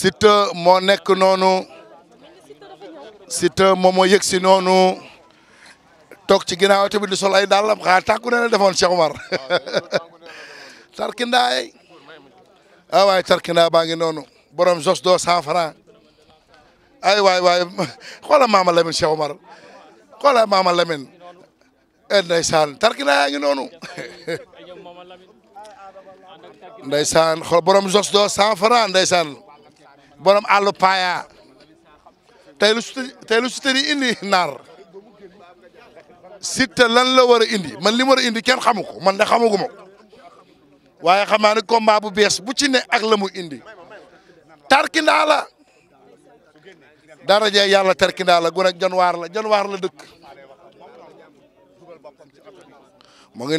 Siteu moo nekk noonu Siteu moo moo yëg si noonu toog ci ginnaaw tamit di sol ay dàllam xaa tàkku ne la defoon Cheikh Omar tarkindaay ah waay tarkindaa baa noonu borom jos doo cent franc ay waay waay xoola maama Lamine Cheikh Omar xoola maama Lamine eh, ndeysaan tarkindaa yaa noonu ndeysaan xool borom jos doo cent franc ndeysaan borom àllu paaya tey lu tey lu Siteu indi naar Siteu lan la war a indi man li mu war a indi kenn xamu ko man de xamaguma ko waaye xam naa ne combat bu bees bu ci ne ak la mu indi tarkindaa la daraja yàlla tarkindaa la gun ak janwaar la janwaar la dëkk mu ngi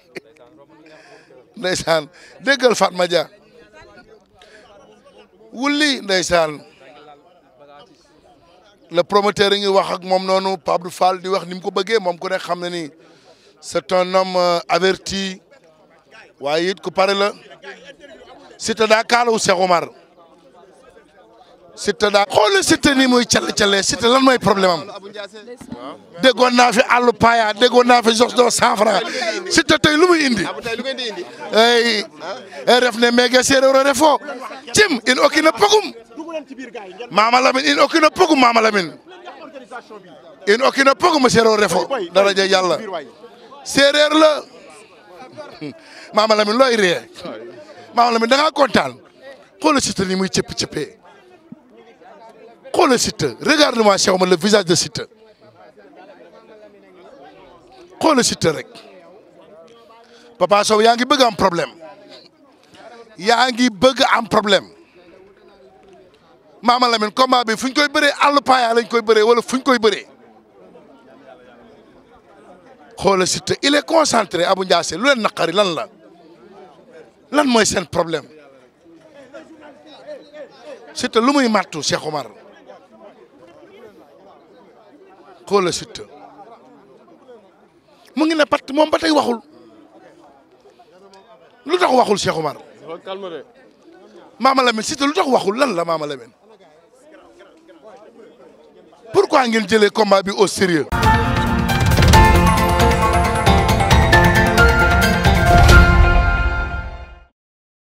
ndeysaan déggal Fatma Dia wulli ndeysaan le promoteur yi ngi wax ak moom noonu Pape Abdou Fall di wax ni mu ko bëggee moom ko ne xam na ni c'est un homme euh, averti waaye it ku pare la Siteu daa kaalawu Cheikh Omar Siteu daa xoolal Siteu nii muy cal calee Siteu lan mooy problème am déggoon naa fi àllu paya déggoon naa fi jox doo cent franc Siteu tey lu muy indi ay ref ne mege séeréer o refo tim in okki na pogum Mama Lamine in okki na pogum Mama Lamine in okki na pogum séeréer o refo dara ja yalla séeréer la Mama Lamine looy ree Mama Lamine da ngaa kontaan xoolal Siteu nii muy cëpp cëppee le site Regarde-moi, le visage de le Regarde Siteu. Papa ça il y a un problème. Il y a un problème. Lamine combat bi koy lañ koy il est concentré Abou Ndiassé lu leen lan la lan un problème Siteu lu muy Cheikh Omar xoola Siteu mu ngi ne pat moom ba tey waxul lu tax waxul Cheikh Omar Mama Lamine Siteu lu tax waxul lan la Mama Lamine pourquoi ngeen jëlee combat bi au sérieux